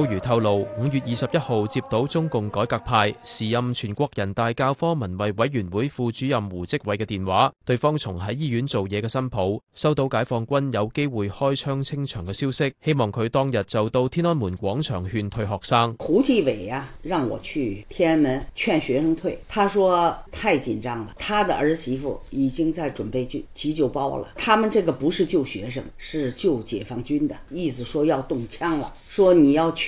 高瑜透露，五月二十一號接到中共改革派、時任全國人大教科文衛委員會副主任胡績偉嘅電話，對方從喺醫院做嘢嘅新抱收到解放軍有機會開槍清場嘅消息，希望佢當日就到天安門廣場勸退學生。胡績偉呀，讓我去天安門勸學生退，他說太緊張了，他的兒媳婦已經在準備急救包了。他們這個不是救學生，是救解放軍的，意思說要動槍了，說你要去。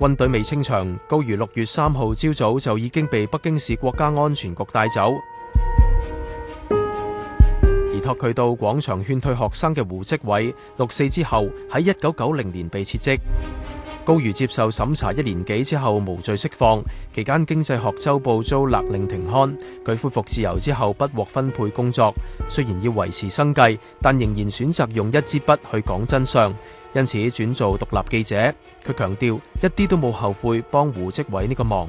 軍隊未清場，高瑜六月三號朝早就已經被北京市國家安全局帶走。託佢到廣場勸退學生嘅胡績偉，六四之後喺一九九零年被撤職。高瑜接受審查一年幾之後無罪釋放，期間經濟學周報遭勒令停刊。佢恢復自由之後不獲分配工作，雖然要維持生計，但仍然選擇用一支筆去講真相，因此轉做獨立記者。佢強調一啲都冇後悔幫胡績偉呢個忙。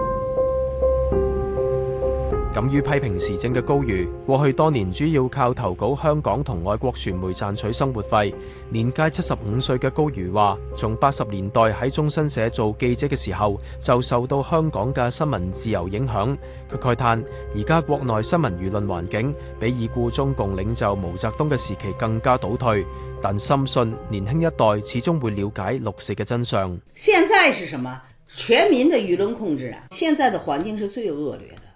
敢於批評時政嘅高瑜過去多年主要靠投稿香港同外國傳媒賺取生活費。年屆七十五歲嘅高瑜話：，從八十年代喺中新社做記者嘅時候，就受到香港嘅新聞自由影響。佢慨嘆：，而家國內新聞輿論環境比已故中共領袖毛澤東嘅時期更加倒退，但深信年輕一代始終會了解六四嘅真相。現在是什麼全民嘅輿論控制啊？現在的環境是最惡劣。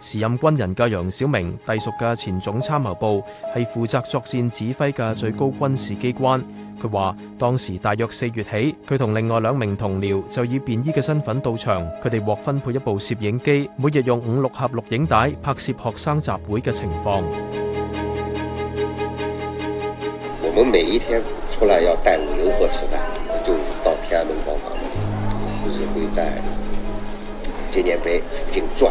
時任軍人嘅楊小明隸屬嘅前總參謀部係負責作戰指揮嘅最高軍事機關。佢話當時大約四月起，佢同另外兩名同僚就以便衣嘅身份到場，佢哋獲分配一部攝影機，每日用五六盒錄影帶拍攝學生集會嘅情況。我們每一天出來要帶五六盒磁帶，就到天安門廣場嗰度，就是會在紀念碑附近轉。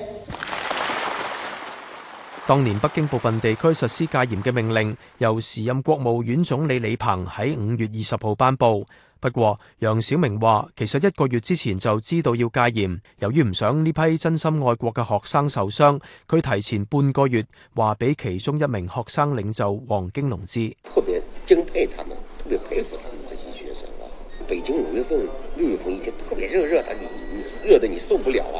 當年北京部分地區實施戒嚴嘅命令，由時任國務院總理李鵬喺五月二十號頒布。不過楊小明話，其實一個月之前就知道要戒嚴，由於唔想呢批真心愛國嘅學生受傷，佢提前半個月話俾其中一名學生領袖黃京龍知。特別敬佩他們，特別佩服他們這些學生啊！北京五月份、六月份已經特別熱熱的，你你熱的你受不了啊！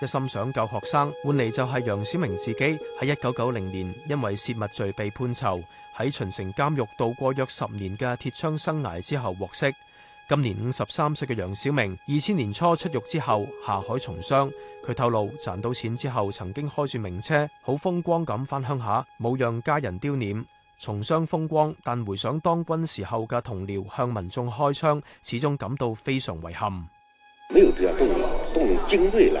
一心想救學生，換嚟就係楊小明自己喺一九九零年因為洩密罪被判囚，喺秦城監獄度過約十年嘅鐵窗生涯之後獲釋。今年五十三歲嘅楊小明，二千年初出獄之後下海從商。佢透露賺到錢之後曾經開住名車好風光咁翻鄉下，冇讓家人丟臉，從商風光，但回想當軍時候嘅同僚向民眾開槍始終感到非常遺憾。沒有必要動用動用精鋭嚟。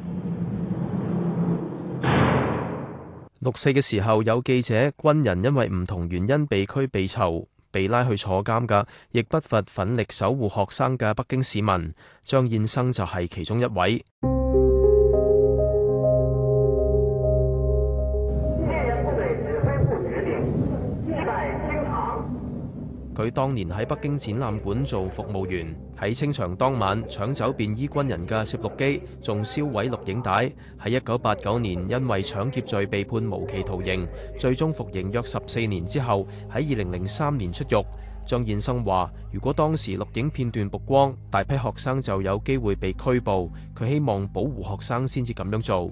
六四嘅時候，有記者、軍人因為唔同原因被拘、被囚、被拉去坐監㗎，亦不乏奮力守護學生嘅北京市民。張燕生就係其中一位。佢當年喺北京展覽館做服務員，喺清場當晚搶走便衣軍人嘅攝錄機，仲燒毀錄影帶。喺一九八九年，因為搶劫罪被判無期徒刑，最終服刑約十四年之後，喺二零零三年出獄。張燕生話：如果當時錄影片段曝光，大批學生就有機會被拘捕。佢希望保護學生先至咁樣做。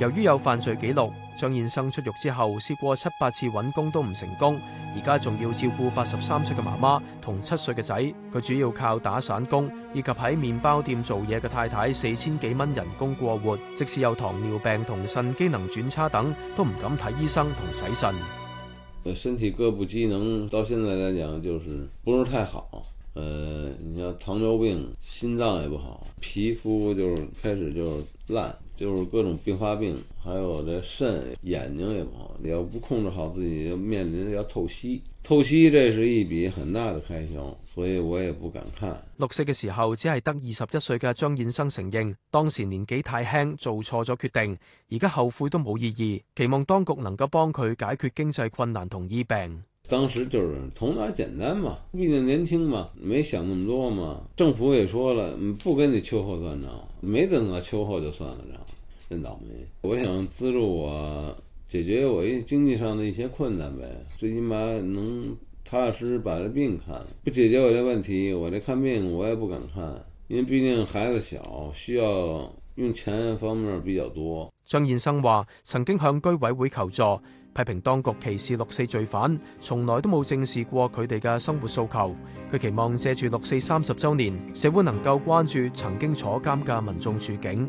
由於有犯罪記錄，張燕生出獄之後試過七八次揾工都唔成功，而家仲要照顧八十三歲嘅媽媽同七歲嘅仔，佢主要靠打散工以及喺麵包店做嘢嘅太太四千幾蚊人工過活。即使有糖尿病同腎機能轉差等，都唔敢睇醫生同洗腎。身體各部機能到現在來講就是不是太好，呃，你像糖尿病，心臟也不好，皮膚就開始就爛。就是各種併發症，還有這腎、眼睛也不好。你要不控制好自己，要面臨的要透析。透析這是一筆很大的開銷，所以我也不敢看。六四的時候，只係得二十一歲嘅張燕生承認，當時年紀太輕，做錯咗決定，而家後悔都冇意義。期望當局能夠幫佢解決經濟困難同醫病。當時就是頭腦簡單嘛，畢竟年輕嘛，沒想那麼多嘛。政府也說了，不跟你秋後算賬，沒等到秋後就算了賬。真倒霉！我想資助我，解決我一經濟上的一些困難唄。最起碼能踏踏實實把這病看。不解決我這問題，我這看病我也不敢看。因為畢竟孩子小，需要用錢方面比較多。張燕生話，曾經向居委會求助，批評當局歧視六四罪犯，從來都冇正視過佢哋嘅生活訴求。佢期望借住六四三十周年，社會能夠關注曾經坐監嘅民眾處境。